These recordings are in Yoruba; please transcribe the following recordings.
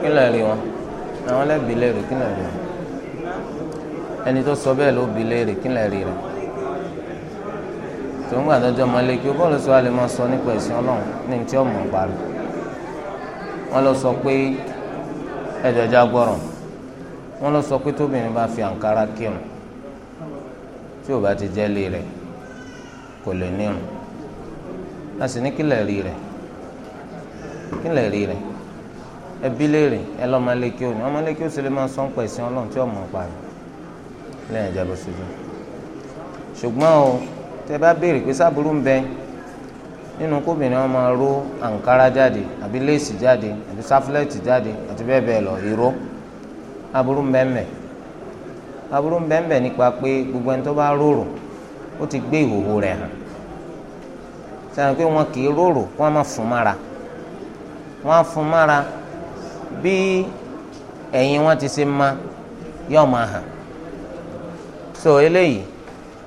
kí lè rí wọn àwọn lẹ́bi léèrè kí lè rí wọn ẹni tó sọ bẹ́ẹ̀ ló bi léèrè kí lè rí rẹ̀ tó ń gbà dọ́jọ́ mọ́lẹ́kí o bọ́ọ̀lù sọ àlè máa sọ nípa ẹ̀sìn ọlọ́run ní ti ọmọ parí wọ́n lọ sọ pé ẹ̀dọ̀já gbọ́rọ̀ wọ́n lọ sọ pé tóbìnrin bá fi àǹkárá kírun tí ò bá ti jẹ́ lé rẹ̀ kò lè nírun a sì ní kí lè rí rẹ̀ kí rí rẹ̀ ẹbí léèrè ẹ lọ́mọlẹ́kẹ́ òní ọmọlẹ́kẹ́ òsèlè máa sọ ń pẹ̀ sí ọlọ́run tí ọmọ pa rẹ̀ lẹ́yìn ìjábọ̀ sojú ṣùgbọ́n o tẹ bá béèrè pé sábúrú ń bẹ nínú kóbìnrin wọn máa ró àǹkárá jáde àbí léèsì jáde àbí sáfúlẹ́ẹ̀tì jáde àti bẹ́ẹ̀ bẹ́ẹ̀ lọ ìró aburú ń bẹ ń aburú ń bẹ ń nípa pé gbogbo ẹni tó bá rorò ó ti gbé ìhòhò rẹ̀ hàn sẹ́yìn pé wọn kì í rorò wọ́n á fún mára wọ́n á fún mára bí ẹ̀yìn wọn ti ṣe ma yóò máa hàn so eléyìí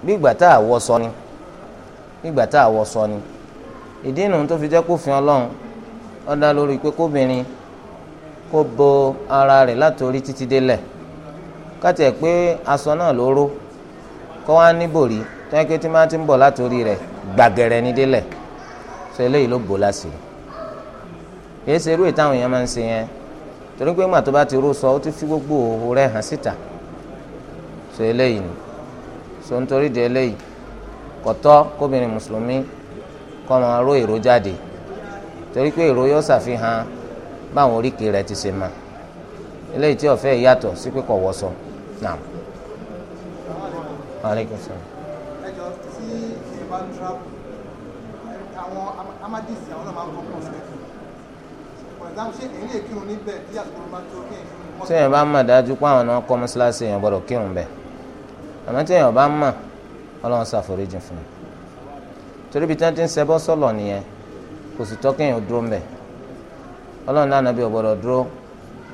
bí ìgbà tá a wọ sọ ni bí ìgbà tá a wọ sọ ni ìdí inú tó fi jẹ́ kó fin ọlọ́run ó dá lórí pé kóbìnrin kó bo ara rẹ̀ látòrí títí délẹ̀ kátìẹ̀ pé aṣọ náà ló ró kó wá níbòrí tó yẹ tí máa ti ń bọ̀ látòrí rẹ̀ gbàgẹ̀rẹ̀ ní délẹ̀ so eléyìí ló bò láṣìírí kìí ṣe irú ìtàwọn èèyàn máa ń ṣe yẹn torí pé màtó bá ti ró sọ ó ti fi gbogbo òwò rẹ̀ hàn síta so eléyìí ni so nítorí di eléyìí kọ̀tọ́ kóbìnrin mùsùlùmí kọ́ máa ró èrò jáde torí pé èrò yóò ṣàfihàn báwọn oríkèé rẹ̀ ti ṣe máa eléyìí tí ọ̀fẹ́ yàtọ̀ sí pé kọ̀ wọ́sọ náà. aleykum salaam. ẹjọ tí ẹ ń tra àwọn amadisi àwọn náà máa ń kọ́ pọ̀ sílẹ̀ téèyàn bá mọ̀ dájú pé àwọn náà kọ́ mọ́ṣáláṣí èèyàn gbọ́dọ̀ kírun bẹ́ẹ̀ àmọ́ téèyàn bá mọ̀ ọlọ́run ṣàforíjì fún un torí bí tẹ́ńtì ń ṣẹbọ́ sọ̀lọ̀ nìyẹn kò sì tọ́ kéèyàn dúró ń bẹ̀ ọlọ́run náà nàbí ọ̀gbọ́dọ̀ dúró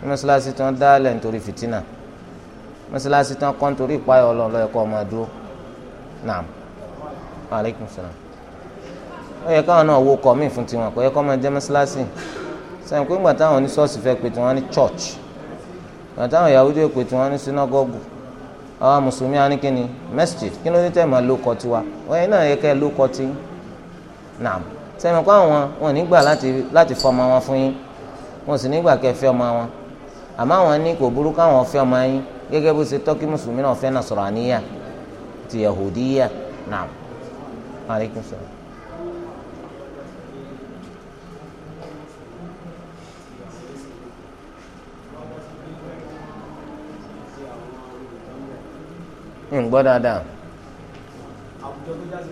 ní mọ́ṣáláṣí tí wọ́n dá lẹ̀ nítorí fìtínà mọ́ṣáláṣí tí wọ́n kọ́ nítorí ìpáyọ̀ ọlọ́run lọ́yẹ̀ kọ́ máa dúró naam aleykum salaam ó yẹ káwọn náà wo kọ́ mí fún tiwọn kò yẹ kọ́ máa jẹ́ mọ́ṣáláṣí sẹ́yìn pé ńgbà táwọn ní ṣọ́ọ̀ṣì fẹ́ pé tí wọ́n ní church ya táwọn Yahudi pé tí wọ́n ní mùsùlùmí ní ni kí ló ní tẹ̀ máa ló kọ́ tiwa wọ́n yẹn náà yẹ ló ti sẹ́yìn pé àwọn wọn láti wọn fún yín wọn sì nígbà kẹ́ fẹ́ ọmọ wọn àmọ́ àwọn ní kò fẹ́ ọmọ yín gẹ́gẹ́ bó ṣe tọ́kí ń gbọ́ dáadáa. àwùjọ tó jáde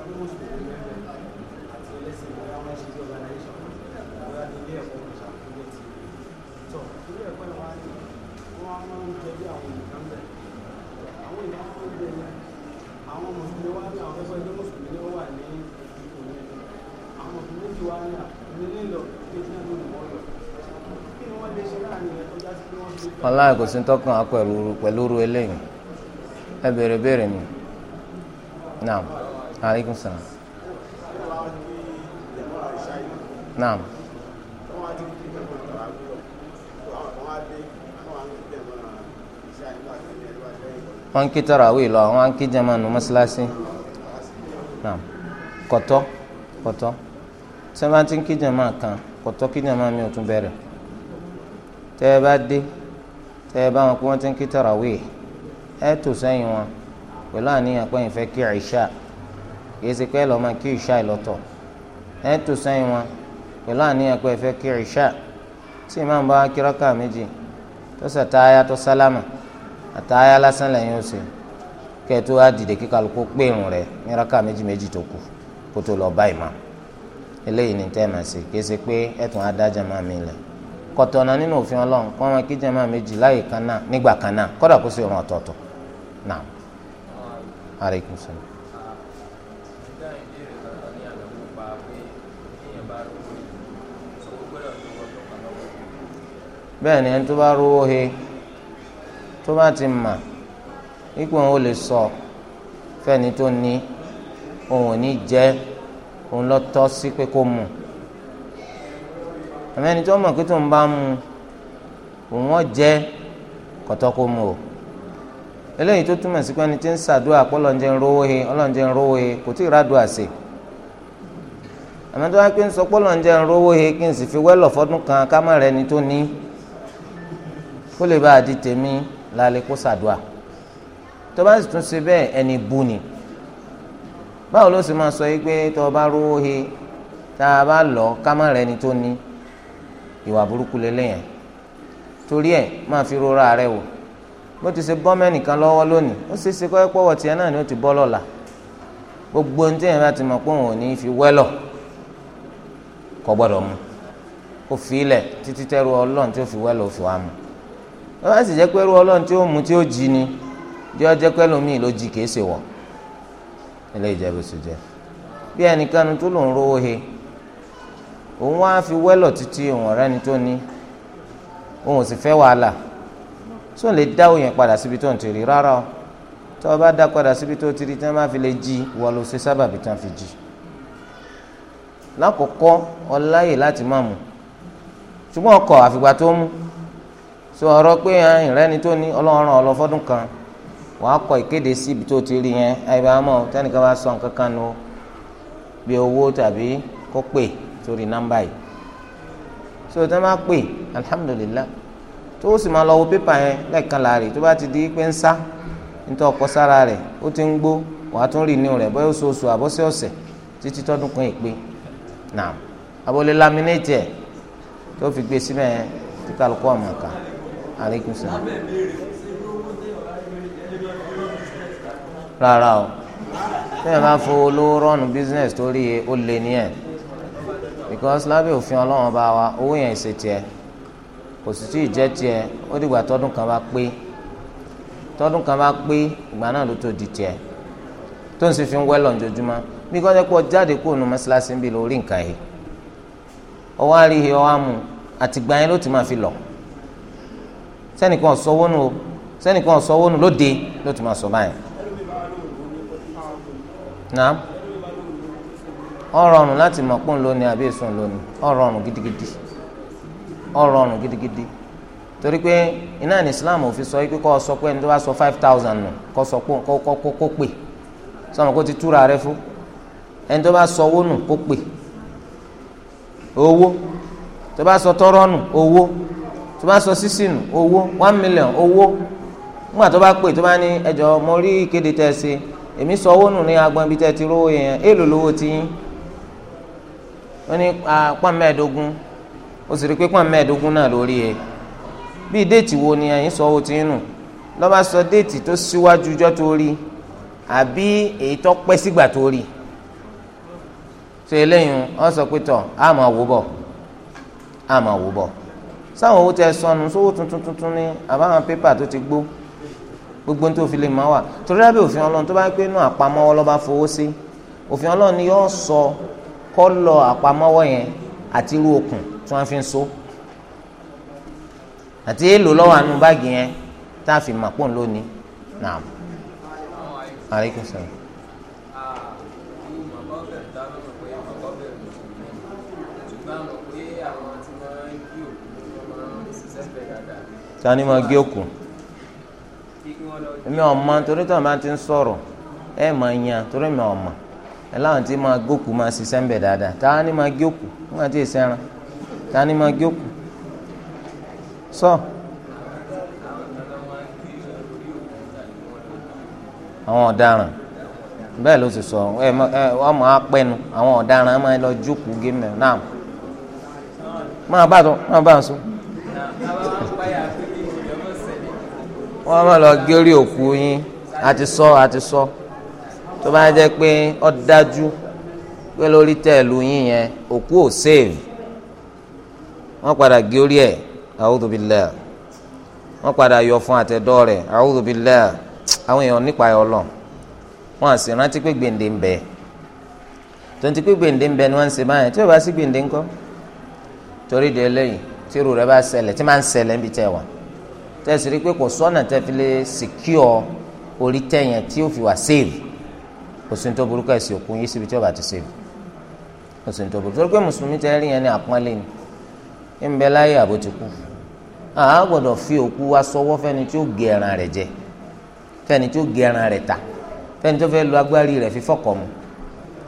sí tọkàn á pẹ̀lú pẹ̀lú ru eléyìí. ẹ béèrè béèrè naam aleykum salaam naam. wọ́n kí lọ wọ́n kí jama nu mọ́ṣáláṣí naam kọ̀tọ́ kí jama kan kọtọ kí jama mi ò tún bẹ̀rẹ̀ tẹ́ ẹ bá dé ẹ bá wọn ti kí ẹ tò sẹ́yìn wọn pẹ̀lú àníyàn pé ìfẹ́ kí ìṣá kìí ṣe pé lọ́ọ́ máa kí ìṣá ìlọ́tọ̀ ẹ tò sẹ́yìn wọn pẹ̀lú àníyàn pé kí tí ìmáà ń bá méjì tó tó sálámà lásán lẹ́yìn dìde kí kálukú pé méjì méjì tó kù kó tó lọ eléyìí ní tẹ́ẹ̀mà sí kìí ṣe pé ẹ̀tún adájà máa mi lẹ̀ kọ̀tọ̀nà nínú òfin ọlọ́run kọ́ wọn kí jẹ́ méjì láyè kan náà nígbà kan náà kọ́dà نعم عليكم السلام bẹ́ẹ̀ ni ẹni tó bá rówó he tó bá ti mà ipò òun ò lè sọ fẹ́ni tó ní òun ò ní jẹ́ òun lọ tọ́ sí pé kó mu àmọ́ ẹni tó mọ̀ pé tó ń bá mu òun ò jẹ́ kọ́tọ́ kó mu o eléyìí tó túmọ̀ sí pé ẹni tí ń ṣàdúrà pé ọlọ́njẹ́ ń rówó he ọlọ́njẹ́ ń rówó he kò tí ì rádùá sí àmọ́ tó wá pé ń sọ pé ọlọ́njẹ́ ń rówó he kí n sì fi wẹ́lọ̀ fọ́dún kan ká má rẹ ni tó ní kó lè bá a di tèmi lálẹ́ kó ṣàdúrà tó bá sì tún ṣe bẹ́ẹ̀ ẹni bu ni báwo ló sì máa sọ yìí pé tó o bá rówó he tá a bá lọ ká má rẹ ni tó ní ìwà burúkú lélẹ́yìn torí ẹ̀ máa fi rora rẹ wò bó ti ṣe bọ́ mẹ́nìkan lọ́wọ́ lónìí ó ṣe é ṣe kọ́ ẹ̀pọ̀ wọ̀tí ẹ̀ náà ni ó ti bọ́ lọ́la gbogbo ní tẹ̀yìn bá ti mọ̀ pé òun ò ní fi wẹ́lọ̀ kọ́ gbọ́dọ̀ mu kó fi ilẹ̀ títí tẹ́rù ọlọ́run tí ó fi wẹ́lọ̀ òfin wa mu wọ́n bá sì jẹ́ pé ẹrú ọlọ́run tí ó mu tí ó jí ni jẹ́ ọjẹ́ pé ẹlòmíì ló jí kìí ṣe wọ̀ ilé ìjẹ́bù sì jẹ́ bí ẹnìkanu tó lòún rówó he òun wá fi wẹ́lọ̀ títí òun ọ̀rẹ́ni tó ní òun ò sì fẹ́ wàhálà tó lè dá òyìn padà síbi tó ń tèrè rárá o tó o bá dá padà síbi tó tiri tí wọ́n bá fi lè jí wọ́n ló ṣe sábàbí tí wọ́n fi jí lákòókò ọláyè láti má mu ṣùgbọ́n ọkọ̀ àfìgbà tó mú sọ ọ̀rọ̀ pé ìrẹ́ni tó ní ọlọ́run ọlọ́fọ́dún kan wàá kọ ìkéde sí ibi tó ti rí yẹn àyíbá mọ̀ tẹ́nìkan bá sọ nǹkan kan nu bí owó tàbí kó pè sórí nọ́mbà yìí so tí wọ́n pè alhamdulillah tó o sì máa lọ wo pépà yẹn lẹ́ẹ̀kan tó bá ti di pé ń sá nítorí ọkọ sára rẹ̀ ó ti ń gbó wàá tún rìn rẹ̀ bóyá oṣooṣù ọ̀sẹ̀ títí tọ́dún kan ìpè náà abọ́lé ẹ̀ tó fi gbé síbẹ̀ yẹn tí kálukú ká rárá o olówó rọ́ọ̀nù ní ẹ̀ because lábẹ́ òfin ọlọ́run bá wa owó yẹn kò sì tí ì jẹ́ tiẹ̀ ó dìgbà tọdún kan bá pé tọdún kan bá pé ìgbà náà ló tó di tiẹ̀ tó ń sì fi ń wẹ́lọ̀ njojúmọ́ bí kọ́jà pọ̀ jáde kó nu mọ́ṣáláṣí ń bi lórí nǹkan yìí ọwọ́ àríhe ọwọ́ àmú àtìgbà yẹn ló ti máa fi lọ sẹ́nìkan sọ́wọ́ nù sẹ́nìkan sọ́wọ́ nù lóde ló ti máa sọ báyìí naam ọ̀rọ̀rùn láti mọ̀ pọ́n lónìí àbí èso lónìí ọ̀rọ̀rùn gidigidi ọrọrùn gidigidi torí pé iná ní islam ò fi sọ yìí pé kọ́ ọ sọ pé ẹni tó bá sọ five thousand nù kọ́ sọ pé kọ́ kọ́ kó pè sọmọ kó ti túra rẹ fún ẹni tó bá sọ owó nù kó pè owó tó bá sọ tọrọ nù owó tó bá sọ sísì nù owó one million owó nígbà tó bá pè tó bá ní ẹjọ́ mo rí ìkéde tẹ́ ẹ ṣe èmi sọ owó nù ní agbọn ibi tẹ́ ẹ ti rówó yẹn èèlò lówó ti yín wọ́n ní apá mẹ́ẹ̀ẹ́dógún ó sì rí pé pọ́n mẹ́ẹ̀ẹ́dógún náà lórí ẹ bíi déètì wo ni ẹ̀yin sọ owó ti ń nù lọ́ba sọ déètì tó síwájú ọjọ́ tó rí àbí èyí tó pẹ́ sígbà tó rí tó eléyìí wọ́n sọ pé tọ̀ á máa wò bọ̀ á máa wò bọ̀ sáwọn owó tẹ sọnù sówó tuntun tuntun ni àbáwọn pépà tó ti gbó gbogbo tó fi lè máa wà torí lábẹ́ òfin ọlọ́run tó bá pé inú àpamọ́wọ́ lọ́ba fowó sí òfin ọlọ́run ni yóò sọ kọ́ lọ àpamọ́wọ́ yẹn àti irú okùn tí wọ́n fi ń so àti èèlò lọ́wọ́ àánú báàgì yẹn tá a fi mà pọ̀ lónìí náà aleykum salaam. tani ma gé òkú èmi ọ̀ma torí tó àmà ti ń sọ̀rọ̀ ẹ mà yàn torí mi ọ̀ma ẹ láwọn tí ma gókù ma ṣiṣẹ́ ń bẹ̀ dáadáa tani ma gé òkú tani máa gé òkú sọ. àwọn ọ̀daràn bẹ́ẹ̀ ló sì sọ ẹ ẹ ọmọ apẹnu àwọn ọ̀daràn máa lọ jókòó gémẹ̀ náà máa bá tó máa bá sọ. wọ́n máa lọ gé orí òkú yín àti sọ àti sọ tó bá jẹ́ pé ó dájú pé lórí tẹ̀lú yín yẹn òkú ò sèèvù wọ́n padà gé orí ẹ̀ a'udhu billah wọ́n padà yọ fún àtẹ̀dọ́ rẹ̀ a'udhu billah àwọn èèyàn nípa ẹ̀ ọlọ́ wọn àsì rántí pé gbèǹde ń bẹ tonti pé gbèǹde ń bẹ ni wọ́n ń ṣe báyìí tí o bá sí gbèǹde ńkọ́ torí de eléyìí tí irú rẹ̀ bá ṣẹlẹ̀ tí máa ń ṣẹlẹ̀ níbi tẹ̀ wá tẹ̀sí rí pé kò sọ́nà tẹ́ fi lè secure orí tẹ̀yẹn tí ó fi wà save kò sí ní tó burúkú ẹ̀sìn òkun yìí síbi tí o bá ti save kò sí ní tó burúkú torí pé mùsùlùmí tẹ́ rí yẹn ní àpọ́nlé ni ń bẹ láyé àbó àá fi òkú wa sọwọ́ fẹ́ni tí ó jẹ tí ó ta lu agbárí fi fọ́kọ̀ mu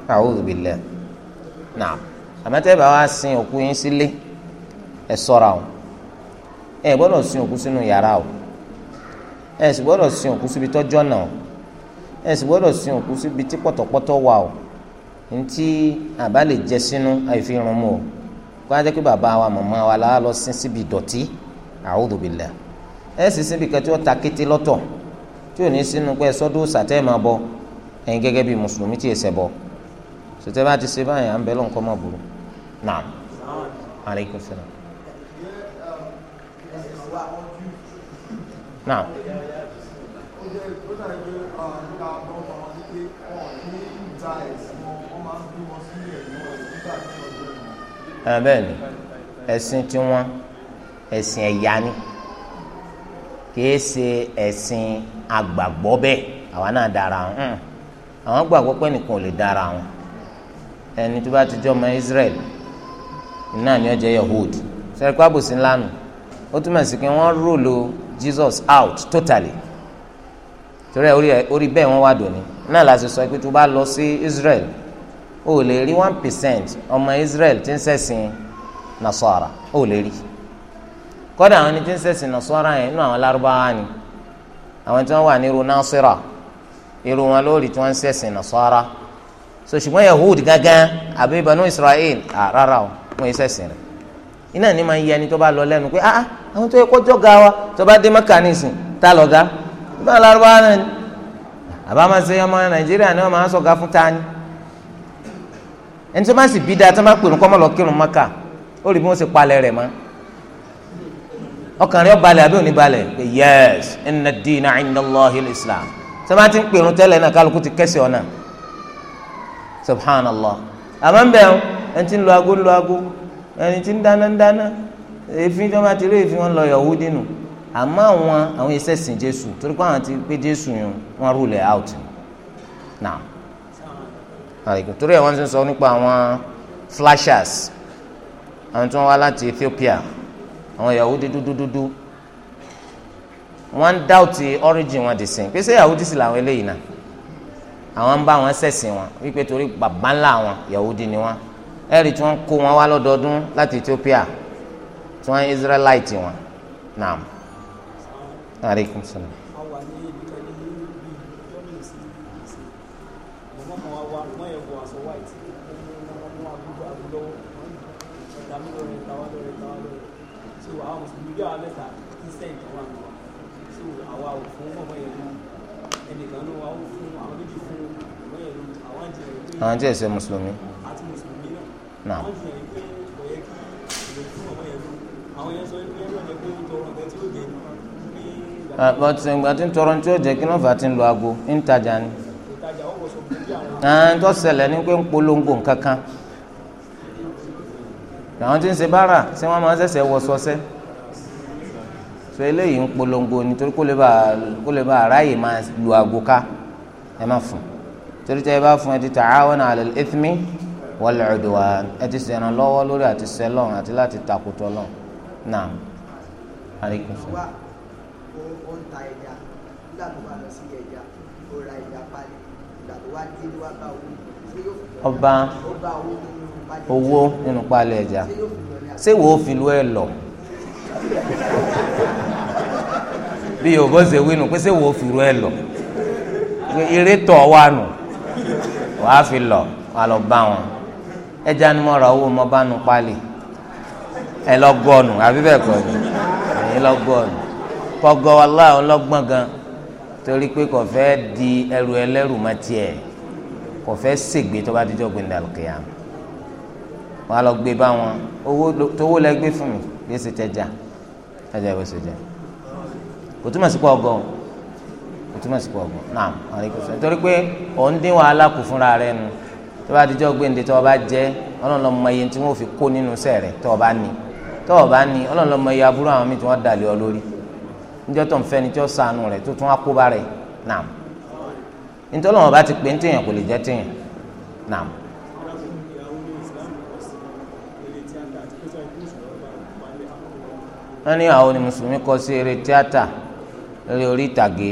a'udhu billah wa sin òkú yín sílé ẹ ṣọ́ra o ẹ gbọ́dọ̀ sin òkú sínú yàrá o ẹ sì si sin òkú síbi tọ́jọ́ náà o ẹ sì si sin òkú síbi tí wa wà o ntí àbá jẹ sínú mu kó ajẹ́ pé bàbá wa màmá wa la lọ sin síbi dọ̀tí a'udhu billah ẹ sì síbi kan tí wọ́n ta kété lọ́tọ̀ tí ò ní sínú pé sọ́dún sàtẹ́ bọ ẹ̀yin gẹ́gẹ́ bí mùsùlùmí tí èsẹ̀ bọ sọtẹ́ bá ti ṣe báyìí à ń bẹ lọ́n mọ̀ burú aleykum Ah, bẹ́ẹ̀ ni tí tiwọn ẹ̀sìn ẹ̀yà ni kìí ṣe ẹ̀sìn agbàgbọ́ bẹ́ẹ̀ àwọn náà dára wọn hmm. àwọn gbàgbọ́ pé nìkan ò lè dára wọn ẹni tó bá ti jọ ọmọ Israel náà ni Yahud sẹ́ríkọ́ àbòsí ó túmọ̀ sí pé wọ́n rúlò Jesus out totally torí ẹ̀ orí bẹ́ẹ̀ wọ́n wá dòní náà la sọ pé tó bá lọ sí Israel o lè one percent ọmọ Israel tí ń ṣẹ̀sìn nasara o lè rí kọ́dà àwọn ẹni tí ń ṣẹ̀sìn nasara yẹn inú àwọn lárúbáwá ni àwọn tí wọ́n wà ní irú irú wọn lórí tí wọ́n ń nasara so ṣùgbọ́n yahudi gángan àbí banu Israel rárá o wọ́n ń ṣẹ̀sìn rẹ̀ iná ni máa ń yẹ ẹni tó bá lọ lẹ́nu pé ah àwọn tó yẹ kọjọ́ ga wa tó bá dé nísìn tá lọ́ga ìbá lárúbáwá náà ẹni tó bá sì bí dáa tó bá pèrún kọ́ mọ́ lọ kírun mọ́kà ó rí bí wọ́n ṣe palẹ̀ rẹ̀ mọ́ ọkàn rẹ̀ balẹ̀ àbí òní balẹ̀ pé yẹ́s dina inda Allahil Islam tó bá ti ń pèrún tẹ́lẹ̀ náà kálukú ti kẹ́sì ọ̀nà subhanallah àmọ́ ń bẹ̀ ọ́ ẹni tí ń lo ago ń lo ago ẹni tí ń dáná ń dáná èéfín tí wọ́n bá ti rí èéfín wọn lọ yọ̀wú dínú àmọ́ àwọn àwọn ìṣẹ̀sìn Jésù torí pé àwọn ti pé Jésù yẹn wọ́n rule out now àìkú torí ẹ̀ wọ́n ti sọ nípa àwọn flashers àwọn tí wọ́n wá láti Ethiopia àwọn Yahudi dúdú dúdú wọ́n ń dáùtì origin wọn dìsìn pé ṣé Yahudi sì làwọn eléyìí náà àwọn ń bá wọn ṣẹ̀sìn wọn wípé torí bàbá ńlá wọn Yahudi ni wọn ẹ̀rí tí wọ́n kó wọn wá lọ́dọọdún láti Ethiopia tí wọ́n Israelite wọn naam aleykum salaam. àwọn tí èsè mùsùlùmí. náà bọ́n ti gbà ah, tí ń tọrọ tí ó jẹ́ kí náà fà ti ń lo aago ń tajà ni. àwọn ah, tó ṣẹlẹ̀ ní pé ń polongo nǹkan kan àwọn tí ń ṣe bára ṣé wọ́n máa ń ṣẹ̀ṣẹ̀ wọ sọ́sẹ́ so eléyìí ń polongo nítorí kó lè bá ráàyè máa lu aago ká ẹ má fún un torí tẹ́ ẹ bá fún ẹ ti ta'awana 'ala al-ithmi wal-'udwan ẹ ti ṣèrànwọ́ lọ́wọ́ lórí àti sẹ́lọ̀n àti láti takùtọ̀ lọ naam aleykum salaam. ó ń ọba owó nínú pálí ẹja ṣé wò fi lú ẹ lọ bí yorùbá ṣe wí nù pé ṣé wò fi lú ẹ lọ eré tọ̀ wá nù wàá fi lọ wàá lọ bá wọn ẹja ni mo ra owó mo bá nu pálí ẹ lọ gbọnù àbí bẹ́ẹ̀ kọ́ ni ẹ lọ gbọnù kọgọ wallahi ọlọ́gbọ́n gan torí pé kò fẹ́ di ẹrù ẹlẹ́rù má tiẹ̀ kò fẹ́ ṣègbè tó bá dijọ́ gbẹ̀ndà kìyàm wàá lọ gbé bá wọn owó tówó lẹ gbé fún mi gbèsè tẹjà ẹjà ìwé sọjà kò túmọ̀ sí pé ọgọ́ o ìtumọ̀ sí pọ̀ ọ̀gbọ̀n náà àwọn ikú sọ nítorí pé òun dín wàhálà kù fúnra rẹ nu tó bá dijọ́ gbéǹde tó o bá jẹ́ ọlọ́run ló mọ iye tí wọ́n fi kó nínú sẹ́ rẹ tó o bá ní tó o bá ní ọlọ́run iye aburú àwọn míì tí wọ́n dàlẹ́ ọ lórí níjọ́ tó ń fẹ́ ni tí ó sànù rẹ tó tún á kó bá rẹ náà nítorí wọn bá ti pè ń téèyàn kò lè jẹ́ téèyàn náà. wọ́n ní àwọn ni kọ sí eré tíátà eré ìtàgé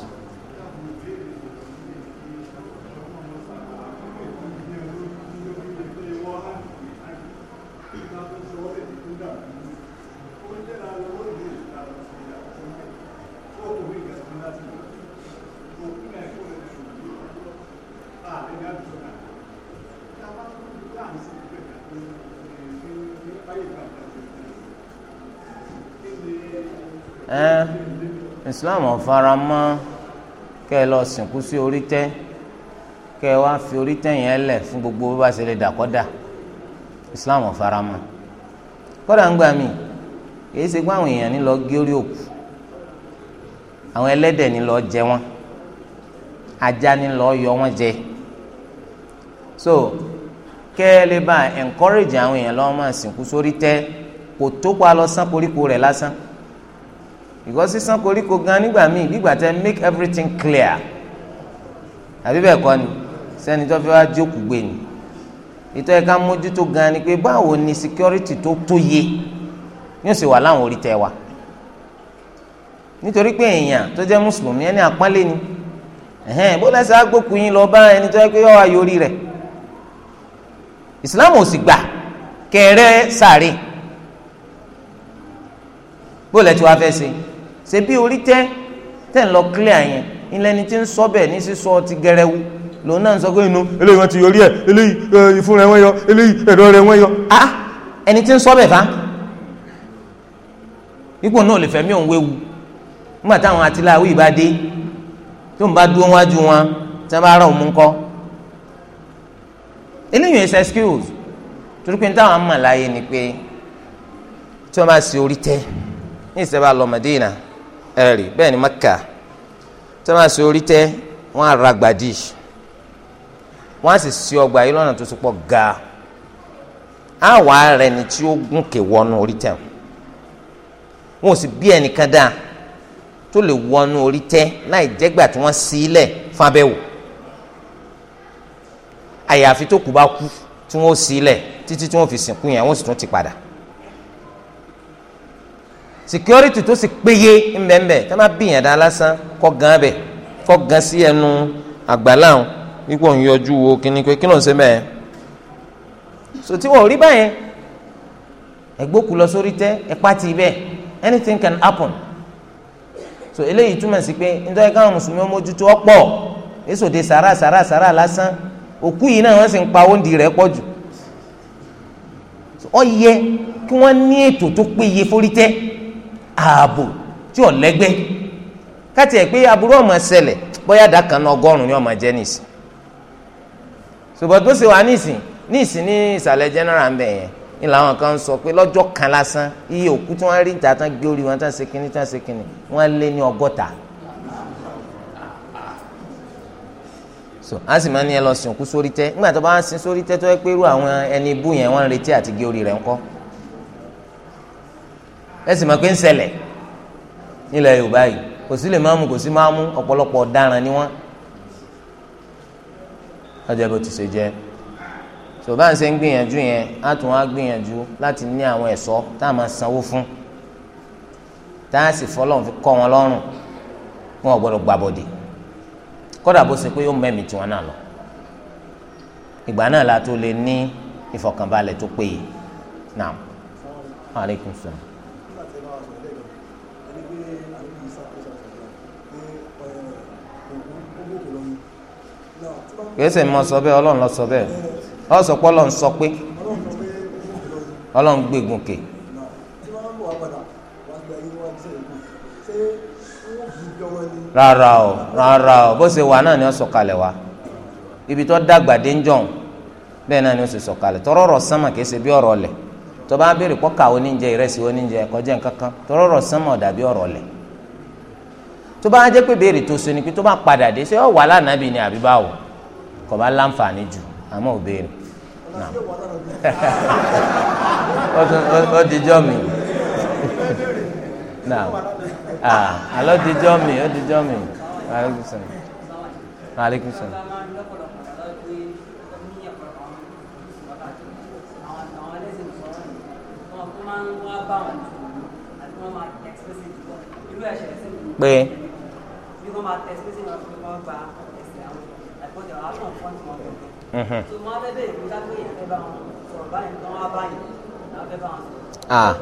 islam ọ̀fara mọ́ kẹ́ ẹ lọ sìnkú sí orí tẹ́ kẹ́ ẹ wá fi orí tẹ́ yẹn lẹ̀ fún gbogbo bó bá ṣe lè dàkọ́dà islam ọ̀fara mọ́ kọ́dà ń gbà mí kìí ṣe pé àwọn èèyàn ní lọ gé orí òkú àwọn ẹlẹ́dẹ̀ ní lọ jẹ wọn, ajá ní lọ yọ wọ́n jẹ so kẹ́ ẹ lè bá encourage àwọn èèyàn lọ́wọ́ máa sìnkú sórí tẹ́ kò tó pa lọ sán koríko rẹ̀ lásán. ìgbọ́ sísan koríko gan nígbà míì gbígbà tẹ make everything clear àbí bẹ́ẹ̀ kọ́ ni sẹ́ni tó fẹ́ wá jókòó gbé ni ìtọ́ ẹ̀ka mójútó gan ni pé báwo ni security tó tó yé yóò sì wà láwọn orí tẹ wa nítorí pé èèyàn tó jẹ́ mùsùlùmí ẹni àpọ́nlé ni ẹ̀hẹ́n bó lẹ́sẹ̀ agbókùn yín lọ bá ẹni tó yẹ pé yọ wá yorí rẹ̀ ìsìláàmù ò sì gbà kẹrẹ sàárè bó lẹ́ tí wàá fẹ́ ṣe ṣebí orí tẹ́ tẹ́ lọ clear yẹn ilẹ̀ ni ti ń sọ bẹ́ẹ̀ ní sísọ ti gẹrẹwu lòun náà ń sọ pé inú eléyìí wọn ti yọrí ẹ eléyìí eh, ìfun rẹ wọn yọ eléyìí ẹ̀dọ̀ rẹ wọn yọ ah ẹni tí ń sọ bẹ́ẹ̀ fa ipò náà lè fẹ̀mí òun wéwu nígbà táwọn atiláwí ìbá dé tó ń bá dúró wájú wọn tí wọn bá rà òun kọ eléyìí ẹsẹ skills torí pé táwọn amọ̀ láàyè ni pé tí wọn bá ṣe orí tẹ ní ìṣẹ́ bá lọ Mẹdínà ẹ̀rì bẹ́ẹ̀ ni maka tó máa ṣe orí tẹ́ wọ́n á ra gbàdí wọ́n á sì ṣe ọgbà yìí lọ́nà tó ti pọ̀ ga á wà á rẹ̀ ni tí ó gùn kè wọnú orí tẹ́ wọn ò sì bí ẹnìkan dáa tó lè wọnú orí tẹ́ láì jẹ́gbà tí wọ́n ṣí ilẹ̀ fún àyàfi tó kù bá kú tí wọ́n ó ṣí títí tí wọ́n fi sìnkú yẹn wọ́n sì tún ti padà security tó sì péye ńbẹ́ńbẹ́ tẹ́ má bí yàn dá lásán kọ́ gan bẹ̀ kọ́ gan sí ẹnu àgbàláhùn wípé òun yọjú wo kíní pé kí ló ń ṣe mẹ́ẹ̀. so tí wọn ò rí báyẹn ẹgbókù lọ sórí tẹ ẹpá ti bẹ anything can happen so eléyìí túmọ̀ sí pé nítorí káwọn mùsùlùmí mójútó ọ̀pọ̀ èso de sàrà sàrà sàrà lásán òkú yìí náà wọ́n sì ń pa oúnjẹ rẹ̀ pọ̀ jù ọ yẹ kí wọ́n ní ètò tó péye fórí tẹ́ ààbò tí ò lẹ́gbẹ́ káti ẹ̀ pé aburú ọmọ ṣẹlẹ̀ bóyá dàkà náà ọgọ́rùn-ún ni ọmọ jẹ́ nìsín ṣùgbọ́n tó ṣe wà nísìn nísìn ní ìsàlẹ̀ general ń bẹ̀ yẹn ni làwọn kan sọ pé lọ́jọ́ kan lásán iye òkú tí wọ́n rí ìta tán gé orí wọn tán ṣe kínní tán ṣe kínní wọ́n lé ní ọgọ́ta so a sì máa ń ní ẹ lọ sìnkú sórí tẹ́ nígbà tó bá ń sin sórí tẹ́ tó yẹ pé irú àwọn ẹni ibú yẹn wọ́n ń retí àti gé orí rẹ̀ ńkọ́ ẹ sì máa pé ń ṣẹlẹ̀ nílẹ̀ yorùbá yìí kò sí lè máa mú kò sí máa mú ọ̀pọ̀lọpọ̀ ọ̀daràn ni wọ́n ọjọ́ bó ti ṣe jẹ́ tó bá ń gbìyànjú yẹn á gbìyànjú láti ní àwọn ẹ̀ṣọ́ tá a máa sanwó fún tá a sì fọlọ́n fi kọ́ wọn lọ́rùn wọn ò gbọ́dọ̀ gbàbọ̀dè bó ṣe pé yóò mẹ́mìí tiwọn náà lọ ìgbà náà la tó lè ní ìfọ̀kànbalẹ̀ tó péye naam aleykum salaam. kèésì mọ sọ ọlọrun lọ sọ bẹ́ẹ̀ ọsọpọ ọlọ́run sọ pé ọlọ́run gbẹgùn kè. rárá o rárá o bó ṣe wà náà ni ó wá ibi tó dàgbà dé ń jọ̀hún bẹ́ẹ̀ náà ni ó sì tọrọ ọ̀rọ̀ sánmà kìí bí ọ̀rọ̀ lẹ̀ tó bá béèrè pọ́kà oníjẹ ìrẹsì oníjẹ ẹ̀kọ́jẹ́ tọrọ sánmà bí ọ̀rọ̀ lẹ̀ tó bá jẹ́ pé béèrè tó so ni pé kò bá láǹfààní jù àmọ́ ò béèrè ó ti jọ́ mi àlọ́ ti jọ́ mi ó ti jọ́ mi aleykum salaam. pé bọ́dẹ̀ aṣọ fún ti wọn lọ. tó máa bẹ́ẹ̀ bẹ́ẹ̀ bóyá pé èèyàn fẹ́ bá wọn sọ̀rọ̀ báyìí tó wá báyìí náà fẹ́ bá wọn sọ̀rọ̀. Ah,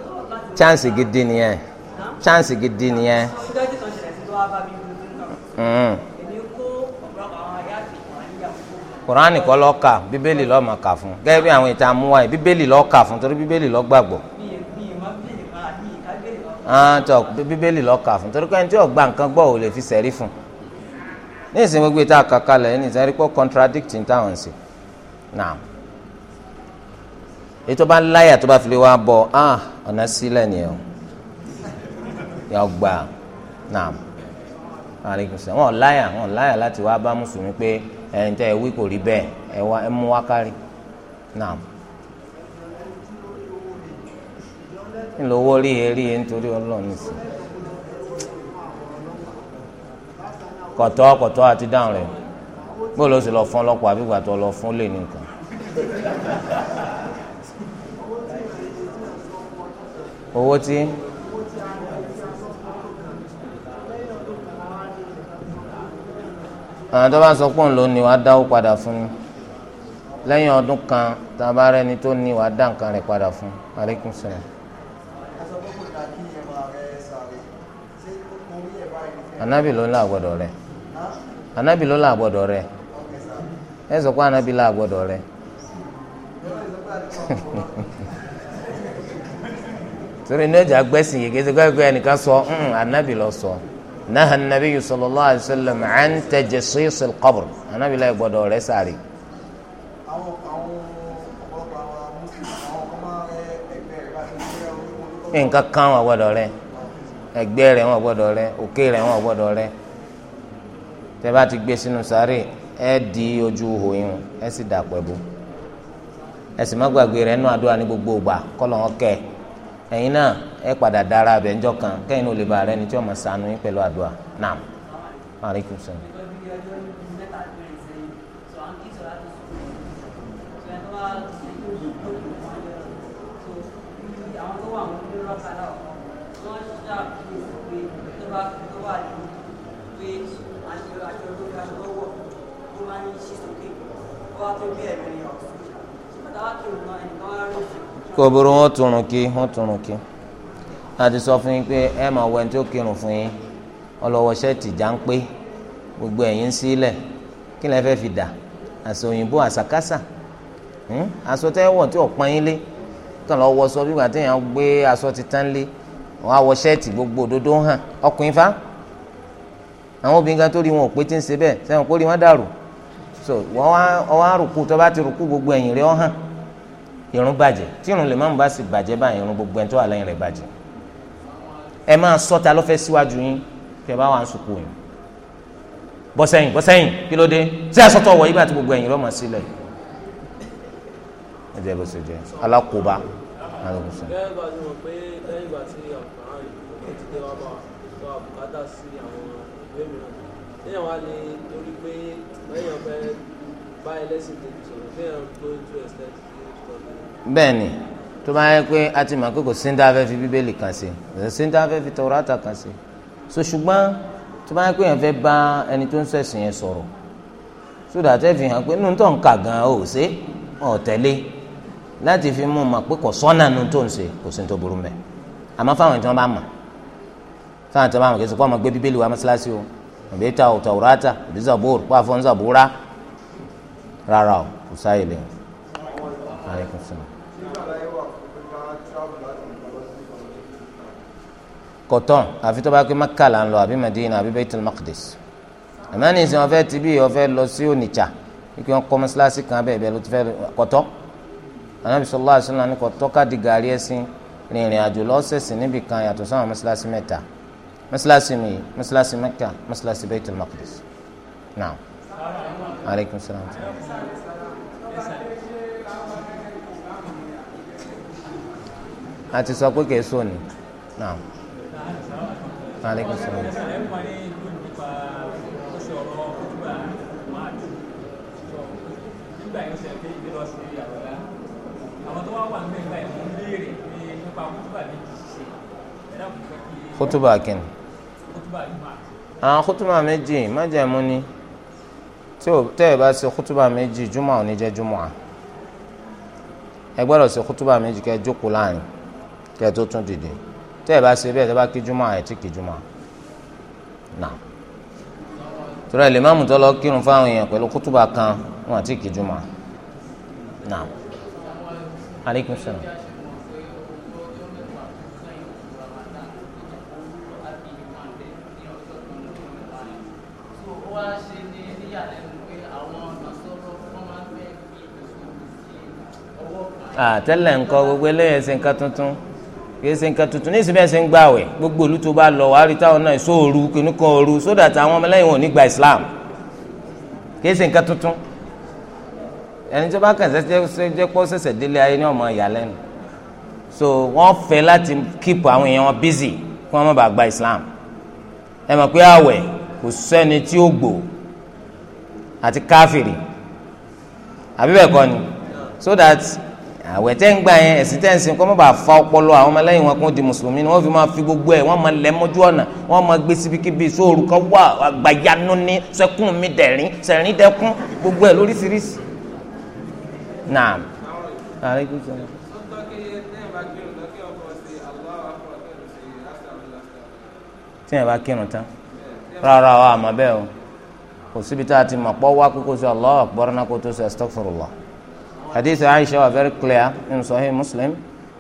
chance gidi nìyẹn chance de nìyẹn. ìdájọ́ kan ṣẹlẹ̀ sí tó wá bá mi lójú náà kùránì kọ́ lọ́ọ́ kà bíbélì lọ́ọ́ máa kà fún gẹ́gẹ́ bí àwọn ìtàn amúwáyé bíbélì lọ́ọ́ kà fún torí bíbélì lọ́ọ́ gbàgbọ́. Ah, tọ́ bíbélì lọ́ọ́ kà torí pé ẹni tí ò gba fi sẹ́rí fún ní ìsìn gbogbo ìta àkàkalẹ̀ ẹni ìsìn àríkọ́ contradicting ní táwọn ṣe náà ètò bá láyà tó bá fi lè wá ah ọ̀nà sílẹ̀ ni ọ yọ gbà náà àríkùsẹ̀ wọn láyà wọn láyà láti wá bá mùsùlùmí pé ẹni tẹ́ ẹ wí kò rí bẹ́ẹ̀ ẹ wá ẹ mú wá kọ̀tọ́ kọ̀tọ́ àti dáhùn rẹ̀ bó ló sì lọ fún ọlọ́pàá àbí gbàtọ́ lọ fún lè nìkan. owó tí àwọn tó bá sọ pé òun ló ní wàá dáwó padà fún un lẹ́yìn ọdún kan tá a bá rẹ́ni tó ní wàá dá nǹkan rẹ̀ padà fún un aleykum salaam. ló ń lọ àgbọ̀dọ̀ rẹ̀. Anabilo la là rẹ ẹ anabi rẹ torí ní ọjà gbẹ́sìn yìí kéde gbẹ́gbẹ́ ẹnìkan sọ mm, sọ sallallahu alayhi an tajassis al-qabr anabi la rẹ sáré. nǹkan kan wà gbọ́dọ̀ rẹ ẹgbẹ́ rẹ wọn gbọ́dọ̀ rẹ òkè rẹ wọn tẹ́ bá ti gbé sínú sáré ẹ di ojú ihò yín ẹ sì dà pẹ̀bù ẹ sì má gbàgbé rẹ̀ nínú àdúrà ní gbogbo ìgbà kọ́lọ̀ wọn kẹ́ ẹ̀yin náà ẹ padà dára abẹ́ńjọ́ kan kẹ́yìn ló lè bá rẹ ní tí wọ́n mọ̀ sànú yín pẹ̀lú àdúrà náà. kò burú wọn tùrùn kí wọn tùrùn kí láti sọ fún yín pé ẹ máa wọ ẹni tó kírun fún yín ọlọ́wọ́ ṣẹ́ẹ̀tì já ń pé gbogbo ẹ̀yìn sílẹ̀ kí lẹ fẹ́ fi dà àṣà òyìnbó àṣàkáṣà hmm? aṣọ tẹ́ wọ̀ tí ò pọn yín lé kàn lọ́ wọ sọ bígbà téèyàn gbé aṣọ ti lé wọn á wọ gbogbo òdodo hàn ọkùnrin fa àwọn obìnrin kan tó rí wọn ò pé tí ń ṣe bẹ́ẹ̀ sẹ́wọ̀n kó rí wọn dàrú so wọn wá rùkú tó bá ti rùkú gbogbo ẹ̀yìn rẹ̀ ọ irun bàjẹ́ tí irun lè má mú bá sì bàjẹ́ báyìí irun gbogbo ẹni tó wà lẹ́yìn rẹ̀ bàjẹ́ ẹ máa sọ́ta lọ́fẹ́ síwájú yín kí ẹ bá wà ń sùkú yín bọ́sẹ̀yìn bọ́sẹ̀yìn kí ló dé sí àsọtọ̀ wọ̀ yígbà tí gbogbo ẹ̀yìn lọ́mọ sílẹ̀ ẹ jẹ́ bó ṣe jẹ́ alákòóbá alákòóbá. bẹ́ẹ̀ bá ti mọ̀ pé lẹ́yìn ìgbà tí àkùnrin yìí ti dé sí àwọn ìwé bẹ́ẹ̀ ni tó bá yẹ pé a ti mọ̀ pé kò sí ní tá a fẹ́ fi bíbélì kan sí kò sí ní tá a fẹ́ fi tọ́rọ́tà kan sí so ṣùgbọ́n tó bá yẹ pé yẹn fẹ́ bá ẹni tó ń sẹ̀sìn yẹn sọ̀rọ̀ sódà tẹ́ fi hàn pé nínú tó ń kà gan ò ṣe ọ̀ tẹ́lẹ̀ láti fi mú un pé kò sọ́nà nínú tó ń ṣe kò sí tó burú mẹ́ àmọ́ fáwọn tí bá mọ̀ fáwọn tí bá mọ̀ kí ẹ sọ pé ọmọ gbé bíbélì wa mọ́ṣáláṣí o àbí kọtọn àfi tó bá pé maka là ń lọ àbí madina àbí baitul maqdis àmọ́ ní ìsìn ọ̀fẹ́ tibí ọ̀fẹ́ lọ sí onitsha ikú wọn kọ́ mọ́sálásí kan bẹ́ẹ̀ bẹ́ẹ̀ ló ti fẹ́ kọtọ́ anabi sallallahu alaihi wasallam ní kọtọ́ ká di gàrí ẹ̀sìn rìnrìn àjò lọ́sẹ̀sìn níbì kan yàtọ̀ sáwọn mọ́sálásí mẹ́ta mọ́sálásí mi mọ́sálásí mẹ́ka mọ́sálásí baitul maqdis naam aleykum salaam. àti sọ pé kìí sóni naam. Waalaikumsalam. nígbà yẹn ṣe pé ìdílọ sí àwọlá àwọn tó wá wà nígbà ìgbà ìmú ń béèrè pé nípa kútùbà méjì ṣe ẹ̀dá kò fẹ́ kí. kútùbà kìnnì. kútùbà jùmọ̀. àwọn kútùbà méjì májẹ̀mú ni tẹ́ ẹ bá ṣe kútùbà méjì jùmọ̀ ò ní jẹ́ jùmọ̀ à ẹ gbọ́dọ̀ ṣe kútùbà méjì kẹ́ ẹ jókòó tẹ́ bá ṣe bẹ́ẹ̀ tẹ́ bá kí jùmọ̀ ẹ̀ náà torí ẹ̀ lè má lọ kírun fáwọn èèyàn pẹ̀lú kútùbà kan wọn àti kí náà. aleykum salaam. àtẹlẹ nǹkan gbogbo eléyẹsìn nǹkan tuntun kìí ṣe nǹkan tuntun ní ìsìnkú ẹ̀sìn gbààwẹ̀ gbogbo ìlú tó bá lọ wàá rí táwọn náà èso òru kìnnìkan òru sódà táwọn ọmọlẹ́yìn wọn ò ní gba Islam kìí ṣe nǹkan tuntun ẹni tó bá kàn ṣẹ̀ṣẹ̀ jẹ́ pọ́ ṣẹ̀ṣẹ̀ délé ayé ní ọmọ ìyàlẹ́nu so wọ́n fẹ́ láti kíp àwọn èèyàn wọn bízì kí wọ́n má bàa gba Islam ẹ mọ̀ pé àwẹ̀ kò sẹ́ni tí ó gbò àti káfìrì àbí bẹ́ẹ̀ kọ́ so that àwẹ̀ tẹ́ ń gbà yẹn ẹ̀sìn tẹ́ ń sìn kọ́ mọ́ bá fa ọpọlọ àwọn ọmọlẹ́yìn wọn kún di mùsùlùmí ni wọ́n fi máa fi gbogbo ẹ̀ wọ́n máa lẹ́ mọ́jú ọ̀nà wọ́n máa gbé síbikíbi sóòrù kan wà àgbàyanu ní sẹ́kùn mi dẹ̀rín sẹ̀rín dẹ́kun gbogbo ẹ̀ lóríṣiríṣi. naam. tí yẹn bá kírun tán rárá o àmọ́ bẹ́ẹ̀ o kò síbi tá a ti mọ̀ pọ́ wá kókó sí Allahu akbar kó tó sọ astaghfirullah حديث عائشة very clear in صحيح مسلم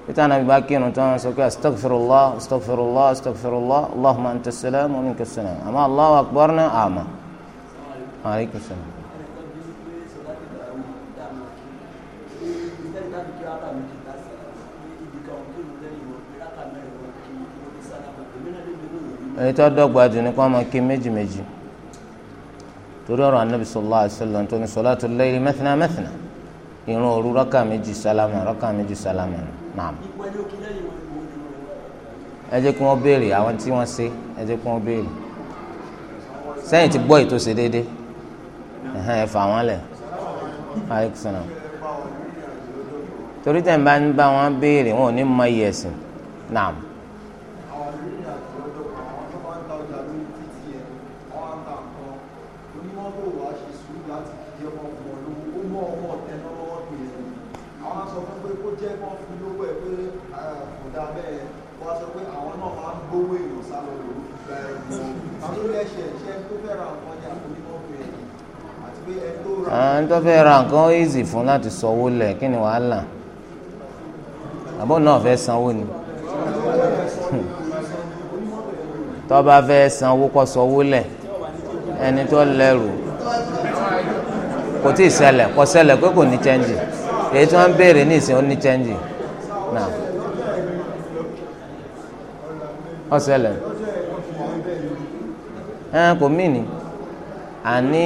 يتانا بباكين وتانا سوكي استغفر الله استغفر الله استغفر الله اللهم أنت السلام ومنك السلام أما الله أكبرنا أعمى عليك السلام ẹni tó dọgba ju ni kó ọmọ kí méjì méjì torí ọrọ anabi sọlá ẹsẹ lọ nítorí sọlá tó lé ẹyẹ mẹtìnnà mẹtìnnà. irun òru rọ́kà méjì sálámà rọ́kà méjì sálámà naam. ẹ jẹ́ kí wọ́n béèrè àwọn tí wọ́n ṣe ẹ jẹ́ kí wọ́n béèrè sẹ́yìn ti gbọ́ ètò ṣe déédéé ẹ fà wọ́n lẹ̀ alexander torí tẹ̀ ń bá ń bá wọn béèrè wọn ò ní mọ iye ẹ̀sìn naam. ẹni tó fẹ́ ra nǹkan ó easy fún láti sọwọ́ lẹ̀ kí ni wàhálà àbọ̀ náà fẹ́ sanwó ni tó fẹ́ sanwó kó sọwọ́ lẹ̀ ẹni tó lẹ́rù kò tí ì ṣẹlẹ̀ kò ṣẹlẹ̀ pé kò ní chẹ́ńjì èyí tí wọ́n ń béèrè ní ìsìn ó ní chẹ́ńjì náà ó ṣẹlẹ̀ ẹ̀ kò mí ni àní.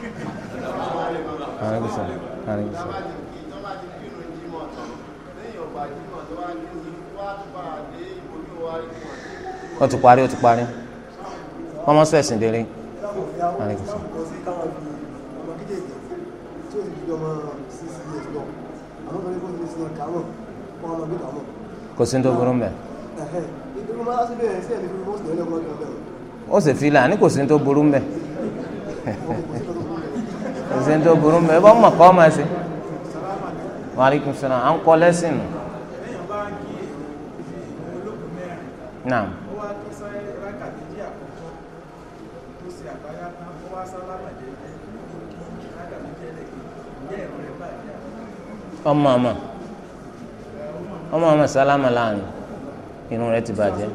àrẹ́gbẹ̀sà àrẹ́gbẹ̀sà. ó ti parí ó ti parí wọ́n mọ́ sẹ̀sìn délé àrẹ́gbẹ̀sà. kò sí ní tó burú mbẹ ó sì fi là ní kò sí tó burú mbẹ. ẹsẹ̀ tó burú na ẹ bá mọ̀ kọ́ máa wa alaikum salaam à ń nù. ọmọ ọmọ ọmọ ọmọ sálámà láàánú irun rẹ̀ ti bàjẹ́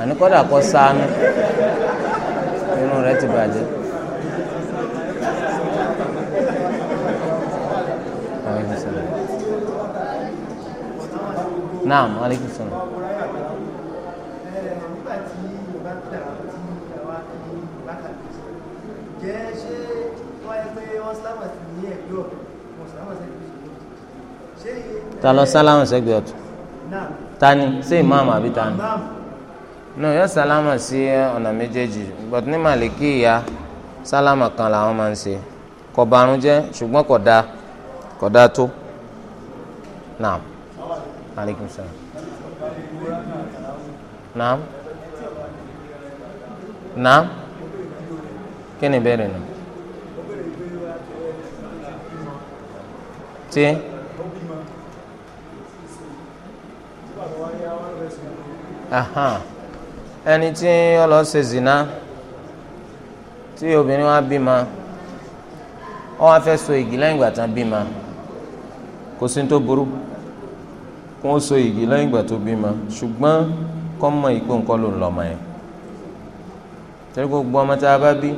àní kọ́dà sáánú ti naam aleykum salaam. jẹ́ ṣé wáyé pé wọ́n sálámà sí ní ẹ̀gbẹ́ ọ̀tún wọ́n sálámà sí ẹ̀gbẹ́ ọ̀tún ṣé. ta ló sálámà sẹ́gbẹ̀ẹ́ ọ̀tún. ta ni ṣé ìmáàmù àbí ta ni. no yóò sálámà sí ọ̀nà méjèèjì but ní màlìkì ìyá sálámà kan làwọn máa ń ṣe kò bàrún jẹ́ ṣùgbọ́n kò tó. naam aleykum salaam. naam naam kí ni ìbéèrè nù. tí. ẹni tí ó lọ ṣe zina tí obìnrin wa bímọ ó wá fẹ́ so igi lẹ́yìn ìgbà tán bímọ kò sí ní tó burú kó o so igi lẹ́yìn ìgbà tó bímọ ṣùgbọ́n kọ́ mọ ìpè nǹkan ló ń lọ́mọ yẹn torí gbogbo ọmọ tá a bá bí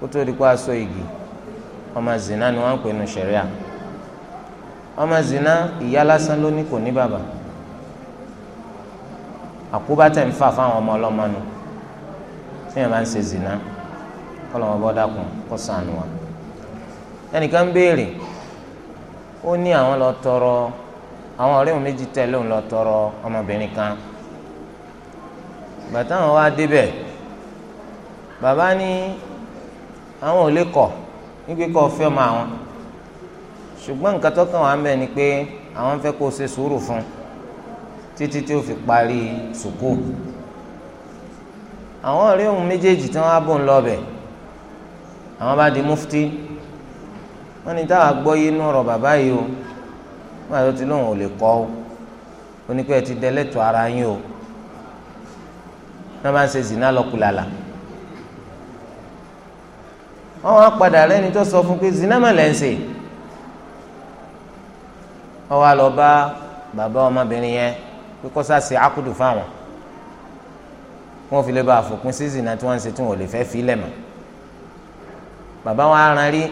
kó tó di kó a so igi ọmọ zina ni wọ́n ń pè nu ṣẹ̀ríà ọmọ zina ìyá lásán ló ní kò ní bàbá àkóbá tẹ̀ ń fà fáwọn ọmọ ọlọ́mọ nu fíyàn bá ń ṣe zina kọ́ lọ́mọ bọ́ dákun kó sànù wa ẹnìkan ń béèrè ó ní àwọn lọ tọrọ àwọn ọ̀rẹ́ òun méjì tẹ̀lé òun lọ tọrọ ọmọbìnrin kan bàtà àwọn wá débẹ̀ bàbá ní àwọn ò lè kọ̀ nígbè kọ́ fẹ́ ọmọ àwọn ṣùgbọ́n nǹkan tó kàn wá ń bẹ̀ ni pé àwọn fẹ́ kó o ṣe sùúrù fún títí tí ó fi parí sùkúù àwọn ọ̀rẹ́ òun méjèèjì tí wọ́n á bò ń lọ bẹ̀ àwọn bá di mufti wọ́n ní táwa gbọ́ yé inú ọ̀rọ̀ bàbá yìí o wọn àti lóun ò lè kọ́ ọ oníkó ẹ ti dẹlẹ́tọ̀ ara yín o náà máa ń ṣe zina lọ́kùlàlà wọn wá padà lẹ́ni tó sọ fún pé zina máa lẹ́ ń ṣe wọn wá lọ bá bàbá ọmọbìnrin yẹn pé kó sáà ṣe ákùdù fáwọn wọn fi lè ba àfòpin sí zina tí wọn ń ṣe tí wọn ò lè fẹ́ fi lẹ̀ mọ́ bàbá wọn á ran rí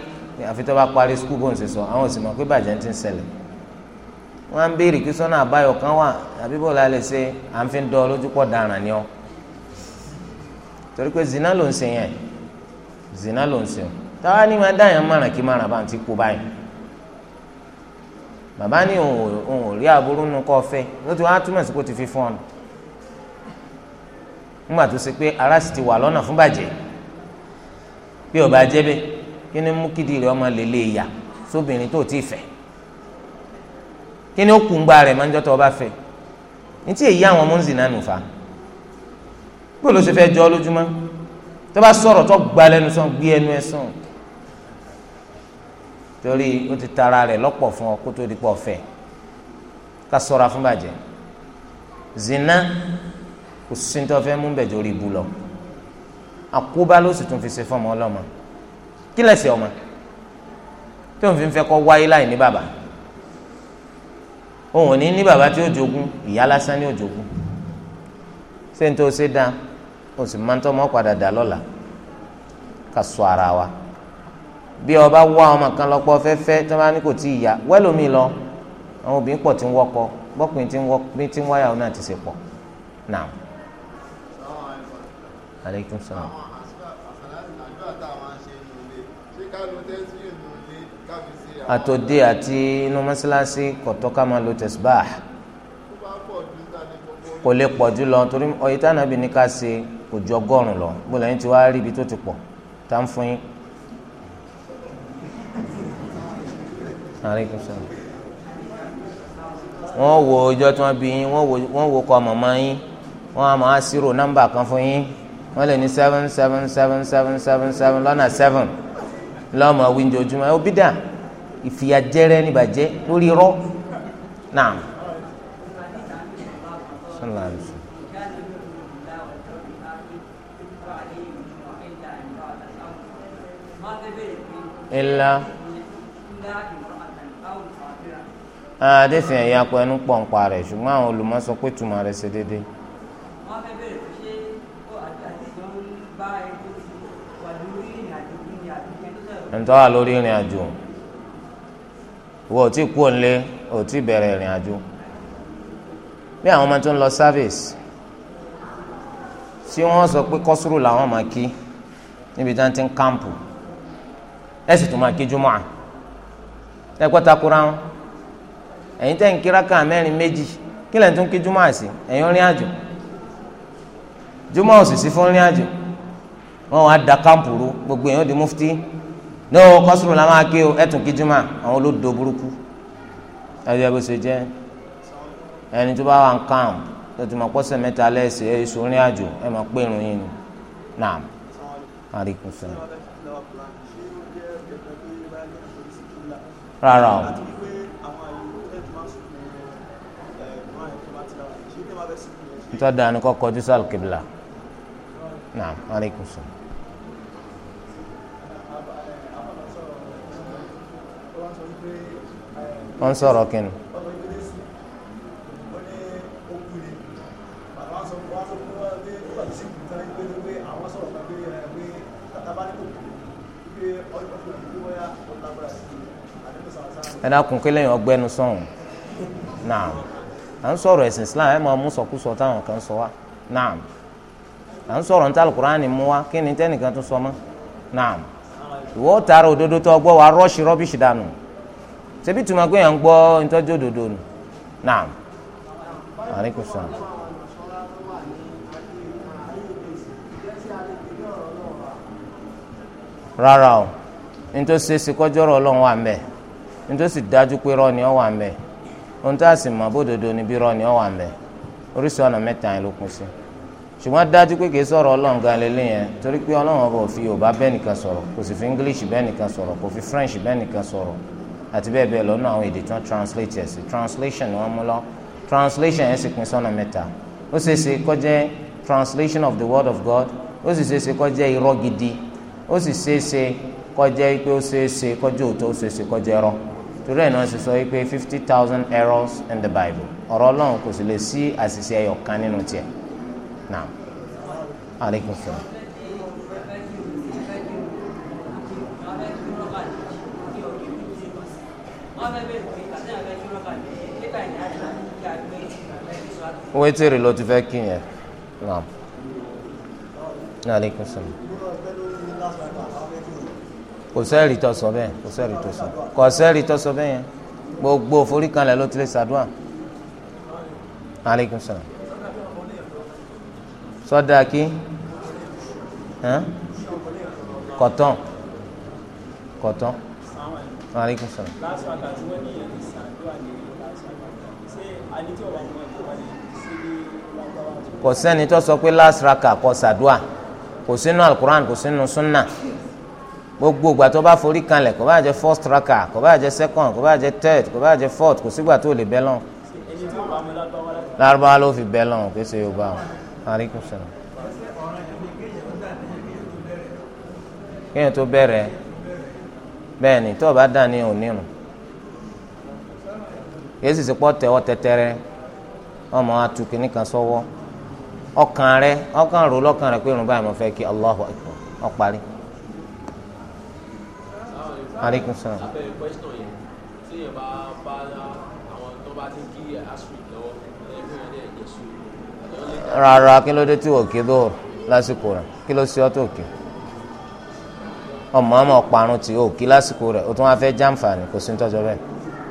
àfi tó bá parí skul bó ń ṣe sọ àwọn ò sì pé bàjẹ́ ń ti ń ṣẹlẹ̀. wọn á ń béèrè kí àbáyọ kan wà àbí bọ́ọ̀lù alẹ́ ṣe à ń fi ọ torí zina ló ń ṣe yẹn zina ló ń ṣe o táwa ni máa dáyàn márùn kí márùn bá ń ti kú báyìí bàbá ní òun ò rí àbúrú nu ló ti wá túmọ̀ sí kó ti fi fún ọ nù nígbà tó ṣe pé ara sì ti wà lọ́nà fún bàjẹ́ bí ọba jẹ́ bẹ́ẹ̀ kí ni mú kí ni ó kù ń gba rẹ̀ máa ń jọ́tọ̀ ọba fẹ́ ní tí èyí àwọn ọmọ ń zìnà nù fa bó ló ṣe fẹ́ jọ lójúmọ́ tó bá sọ̀rọ̀ tó gba lẹ́nu sàn gbé ẹnu ẹ sàn torí ó ti tara rẹ̀ lọ́pọ̀ fún ọ kó tó di pọ̀ fẹ́ ká sọ̀ra fún bàjẹ́ zìnà kò sí tó fẹ́ mú bẹ̀jọ́ rí ibu lọ àkóbá ló sì tún fi ṣe fọmọ ọlọ́mọ kí lẹ̀sẹ̀ ọmọ tó ń fi fẹ́ kọ́ wáyé láì ní bàbá. òun ò ní ní bàbá tí ó jogún ìyá lásán ní ó jogún ṣé n tó ṣe o sì padà dà lọ́la ká wa bí ọba wá ọmọ kan lọ́pọ̀ fẹ́fẹ́ tí wọ́n bá ní kò tí ì yá wẹ́lómi lọ àwọn obìnrin pọ̀ tí ń wọ́kọ ti ṣe pọ̀ náà. àwọn àtòdé àti inú mọ́sálásí kọ̀tọ́ ká máa lo tẹ̀síbáà kò lè pọ̀ jù lọ torí ọyẹ tí ànábì ní ká ṣe kò ju ọgọ́rùn lọ bó lẹ́yìn tí wàá rí ibi tó ti pọ̀ tá ń fún yín. wọ́n wo ọjọ́ tí wọ́n bí yín wọ́n wo kọ́ màmá yín wọ́n á máa ṣírò nọ́mbà kan fún yín wọ́n lè ní seven seven seven seven seven seven lọ́nà seven lọ́mọ wíńdò ojúmọ́ ẹ̀ ó bí dà ìfìyàjẹrẹ ní bàjẹ́ lórí irọ́ náà. ilà àdéhùn ẹ̀yà pẹ̀lú pọ̀npà rẹ̀ ṣùgbọ́n àwọn olùmọ̀ sọ pé tùmọ̀ rẹ̀ ṣe déédéé. ǹtọ́ a lórí ìrìn àjò wọ́n ò tí kú òǹlé ò tí bẹ̀rẹ̀ ìrìn àjò bí àwọn ọmọ tó ń lọ service tí wọ́n sọ pé kọ́sùrù làwọn máa kí níbi tí wọ́n ti ń kámpù ẹ sì tún máa kí jùmọ̀ à ẹ gbọ́ta kúra wọn ẹ̀yin tẹ́ ń kí rákà mẹ́rin méjì kí lẹ́yìn tó ń kí jùmọ̀ àsì ẹ̀yin rìn àjò jùmọ̀ òsì sí fún rìn àjò wọ́n wá da kámpù rú gbogbo èèyàn di mufti ní o kọ́sùrù la máa ké o ẹ̀tún kíjúmà àwọn olódò burúkú ẹ̀rí ẹ̀ bó ṣe jẹ́ ẹni tó bá wà ń kàn tó ti mọ̀ pọ́sẹ̀ mẹ́ta lẹ́sẹ̀ ẹ̀ èso rìn àjò ẹ̀ mọ̀ pé irun yín ni naam alaikum salaam. rárá o. nítorí dáa ni kò kọjú sí alùkìbìlà naam alaikum salaam. wọ́n sọ̀rọ̀ kínní. ẹ dákun kí lẹ́yìn ọgbẹ́nu sọ̀hún naam à ń sọ̀rọ̀ ẹ̀sìn Islam ẹ̀ máa mú sọkúsọ táwọn kan sọ wá naam à ń sọ̀rọ̀ níta alukurani mú wá kí ni tẹ́nìkan tún sọ mọ́ naam ìwọ́ tààrà òdodo tó ọgbọ́ wa rọ́ọ̀ṣì rọ́bìṣì dànù. ṣebí tuma pé yàn ń dodo naam aleykum salaam. rárá o nítòsí èsì kọjọ́rọ̀ ọlọ́run wà mẹ́ nítòsí dájú pé rọ́ọ̀ni ọ̀ wà mẹ́ ohun tá a sì mọ̀ bódodo ni bí wà mẹ́ oríṣi ọ̀nà mẹ́ta ló kún sí ṣùgbọ́n dájú pé sọ̀rọ̀ ọlọ́run gan yẹn torí fi yorùbá bẹ́ẹ̀ nìkan kò sì fi english bẹ́ẹ̀ nìkan kò fi french bẹ́ẹ̀ nìkan àti bẹ́ẹ̀ bẹ́ẹ̀ lọ́nà àwọn èdè tán translate ẹ̀ sí translation ni wọ́n mú lọ translation ẹ̀ sì pín sọ́nà mẹ́ta ó ṣeé ṣe kó jẹ́ translation of the word of God ó sì ṣeé ṣe kó jẹ́ irọ́ gidi ó sì ṣeé ṣe kó jẹ́ pé ó ṣeé ṣe kó jẹ́ òótọ́ ó ṣeé ṣe kó jẹ́ ẹ̀rọ torí ẹ̀ náà ṣe sọ pé fifty thousand errors in the Bible ọ̀rọ̀ Ọlọ́run kò sì lè sí àṣìṣe ẹyọ kan nínú tiẹ̀ náà alaikum salaam. wétìrì ló ti fẹ́ kí yẹn naam aleykum salaam kò sẹ́ẹ̀rì tó sọ bẹ́ẹ̀ kò sẹ́ẹ̀rì tó sọ kò sẹ́ẹ̀rì tó sọ bẹ́ẹ̀ yẹn gbogbo foríkanlẹ̀ ló ti lè ṣàdúrà aleykum salaam sọdá kí kọtán kọtán aleykum salaam kò sẹ́ni tó sọ pé last raka kó ṣàdúà kò sínú alukur'an kò sínú sunna gbogbo ìgbà tó bá forí kanlẹ̀ kò bá jẹ́ first raka kò bá jẹ́ second kò bá jẹ́ third kò bá jẹ́ fourth kò sígbà tó lè bẹ́ lọ́n. lárúbáwá ló fi bẹ́ lọ́n kò ṣe yorùbá o aleykum salaam. kéèyàn tó bẹ̀rẹ̀ bẹ́ẹ̀ ni tó o bá dà ní onírun kì í sì sèpọ̀ tẹ̀wọ́ tẹ́tẹ́rẹ́ wọn mọ atu kìnnì kan sọ́wọ́ ọkàn rẹ ọkàn rò lọ́kàn rẹ pé irun báyìí mo fẹ́ kí Allahu akbar ó parí. aleykum salaam. abẹ́rẹ́ pẹ́sítọ̀ yẹn tí yẹn bá bá àwọn tó bá ti kí asiri lọ́wọ́ ẹgbẹ́ yẹn lè jẹ́ rárá kí ló dé tí wò kí ló lásìkò rẹ kí ló sí tó kí ọmọ ọmọ ọparun tí o kí lásìkò rẹ o tún wá fẹ́ jàǹfààní kò sí ní tọ́jọ́ bẹ́ẹ̀.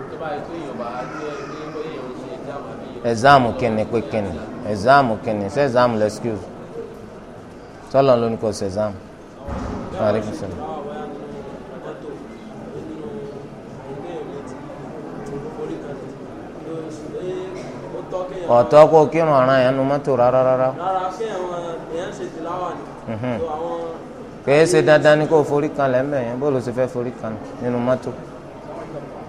tó bá yẹ kó èèyàn bá dé ẹ̀záàmù kìnnì pé kìnnì ẹ̀záàmù kìnnì ṣé ẹ̀záàmù lẹ́skúz sọ́lọ́ ló ní kò ṣe ẹ̀záàmù. ọ̀tọ̀ kó kírun ọ̀ràn yẹn nu mọ́tò rárá rárá. kèé mhm. ṣe dandan ni kó forí kan lẹ́mẹ̀ yẹn bó ló ṣe fẹ́ forí kan nínú mọ́tò.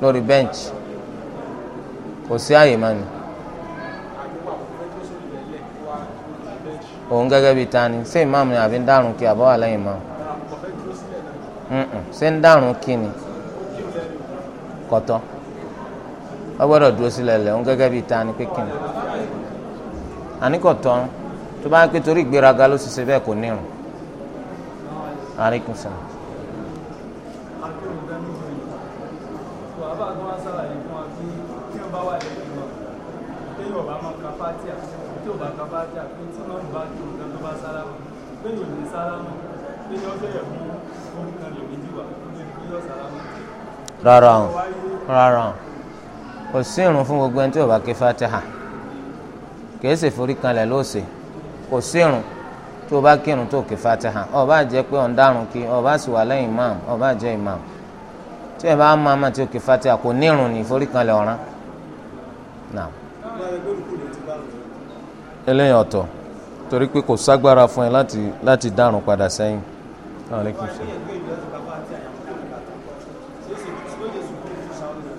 lórí bẹ́ǹchì kò sí àyè má ni òun gẹ́gẹ́ bíi tani ṣé ìmáàmù ni àbí ń dárun kí àbọ̀ wà lẹ́yìn máa ṣé ń dárun kí ni kọ̀tọ́ wọ́n gbọ́dọ̀ dúró sílẹ̀ lẹ̀ òun gẹ́gẹ́ bíi tani pé kí ni àníkọ̀tọ́ tó bá ń pé torí ìgbéraga ló ṣiṣẹ́ bẹ́ẹ̀ kò nírun àríkùnsọ̀rọ̀. àbá tó wá ṣàlàyé fún wa kí tí wọ́n bá wà lẹ́yìn náà lẹ́yìn ọ̀bá máa ka fátíà tí ò bá ka fátíà pé tí wọ́n bá tó nǹkan tó bá sálámù lẹ́yìn òní sálámù lẹ́yìn ọjọ́ yẹ̀ fún ohun kan lè méjì wà lẹ́yìn ọjọ́ sálámù. rárá o rárá o kò sí ìrun fún gbogbo ẹni tí ò bá ké fátíà kìí ṣe forí kanlẹ̀ lóòsè kò sí ìrun tó bá kírun tó ké fátíà ó bá pé ó ń dárun kí ó sì wà lẹ́yìn imam ó bá imam. tí ẹ bá máa máa ti òkè kò nírun ní ìforíkanlẹ̀ ọ̀ràn náà. eléyìí ọ̀tọ̀ torí pé kò ságbára fún ẹ láti láti dárun padà sẹ́yìn.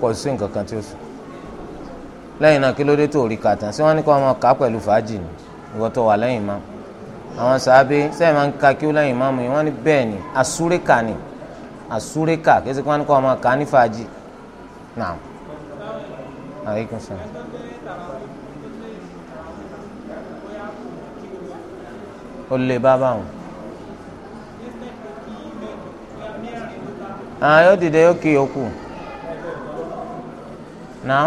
kò sí nǹkan kan tí ó sùn lẹ́yìn náà kí ló dé tó rí kàtà sí wọ́n ní kó máa kà á pẹ̀lú fàájì ni tó wà lẹ́yìn máa àwọn sàábé sẹ́yìn ka kí ó lẹ́yìn máa yìí wọ́n ní bẹ́ẹ̀ àsúrékà kí ẹ sì kí wọ́n ní kọ́ ọmọ kà á ní fàájì náà aleykum salaam. ó lè bá báwọn. àwọn yóò dìde yóò kí yòókù náà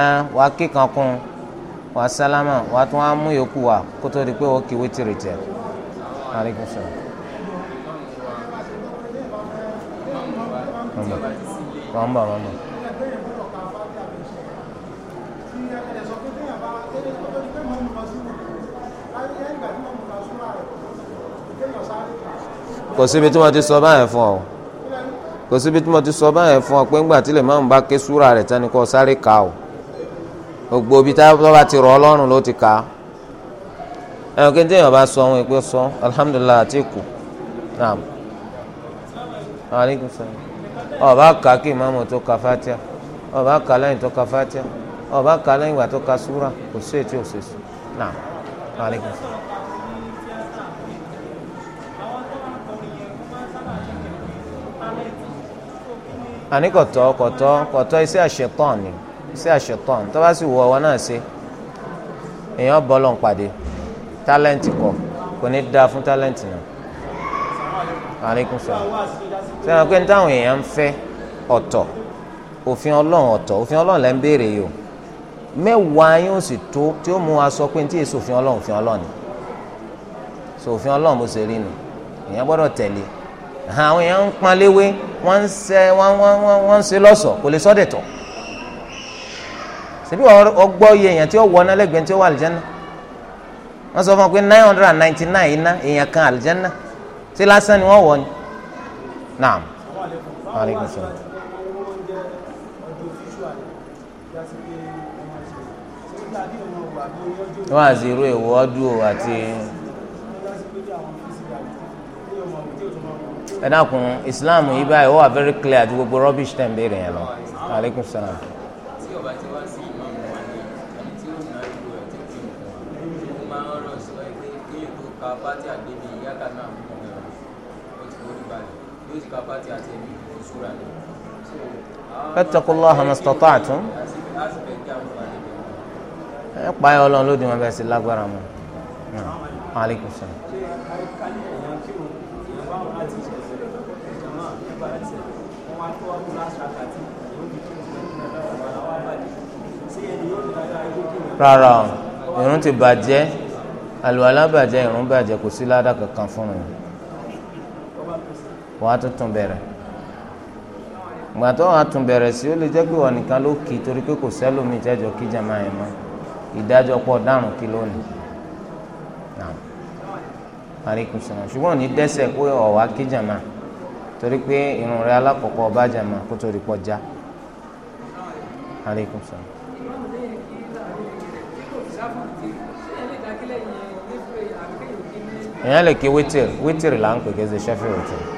ẹ wà á kí kankun wà á sálámà wà á tún wà á mú yòókù wà kótó di pé wọ́n kí wítìrì tẹ̀ aleykum wọ́n ń bọ̀ wọ́n bọ̀. kò síbi tí wọ́n ti sọ báyẹn fún ọ kò síbi tí wọ́n ti sọ báyẹn fún ọ pé ńgbà tí lè máa ń bá ké súra rẹ̀ tán ni kò sáré ka o gbogbo ibi tó bá ti rọ̀ ọlọ́run ló ti ka ẹ̀rọ kí n téèyàn sọ ohun ìpè sọ alhamdulilayi àti ikú naam ọba kà kí ìmáàmù tó ka fatia ọba kà lẹ́yìn tó ka fatia ọba kà lẹ́yìn ìgbà tó ka súra kò sí ètò òṣèṣù náà maaleykum. àní kọ̀tọ́ kọ̀tọ́ kọ̀tọ́ iṣẹ́ àṣetán ni iṣẹ́ àṣetán tó bá sì wọ ọwọ́ náà ṣe èèyàn bọ́ lọ́n pàdé tálẹ́ǹtì kọ kò ní fún tálẹ́ǹtì náà. aleykum un sẹ́wọ̀n pé táwọn èèyàn ń fẹ́ ọ̀tọ̀ òfin ọlọ́run ọ̀tọ̀ òfin ọlọ́run lẹ́ ń béèrè yìí o mẹ́wàá yín ó sì tó tí ó mú wa sọ pé ní tí èso òfin ọlọ́run òfin ọlọ́run ni so òfin ọlọ́run bó ṣe rí nu èèyàn gbọ́dọ̀ tẹ̀lé àwọn èèyàn ń pọn léwé wọ́n ń ṣe wọ́n wọ́n wọ́n wọ́n ń ṣe lọ́sọ̀ kò lè sọ́dẹ̀ tọ̀ ṣebí ọgbọ́ iye èèyàn tí ó wọ náà lẹ́gbẹ̀ẹ́ tí ó wà àlìjẹ́nà wọ́n sọ fún wọn pé nine hundred and ninety nine iná èèyàn kan àlìjẹ́nà ṣé lásán ni wọ́n wọ̀ ni naam maaleykum salaam. wọ́n á zero èwo ọdún àti ẹ dákun islam yìí báyìí ó wà very clear àti gbogbo rubbish tẹ̀ ń béèrè yẹn lọ maaleykum salaam. ká bá ìka pàtì àti ẹ̀mí ìṣúra ni. fattaqullaha mastata'tum. ẹ pààyà Ọlọ́run lóde wọn bẹ́ẹ̀ sí lágbára mọ aleykum salaam. rárá o ìrun ti bàjẹ́ àlùwàlá bàjẹ́ ìrun bàjẹ́ kò sí ládàá kankan fún mi wọn á tún tún bẹ̀rẹ̀ ìgbà tó wọn á tún bẹ̀rẹ̀ sí ó lè jẹ́ pé wọn nìkan ló kì í torí pé kò sẹ́lómi jẹ́jọ́ kí jàmá yẹn mọ́ ìdájọ́ pọ̀ dárùn kí lónìí àríkùn sọ̀rọ̀ ṣùgbọ́n ní dẹ́sẹ̀ pé ọ̀wá kí jàmá torí pé irun rẹ̀ alákọ̀ọ́kọ́ ọba jàmá kó torí pọ̀ já àríkùn lè kí wítìrì wítìrì là ń pè kí ẹ ṣe ṣẹ́fì wítìrì.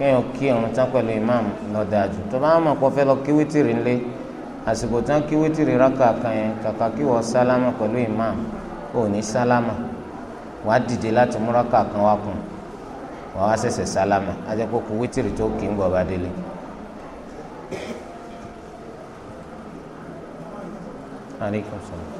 kéèyàn kí ọ̀run tán pẹ̀lú imam lọ́dà tó bá mọ̀ kó lọ kí wítìrì ńlẹ̀ àsìkò tán kí wítìrì sálámà pẹ̀lú imam ò ní sálámà wàá dìde láti mú kan kùn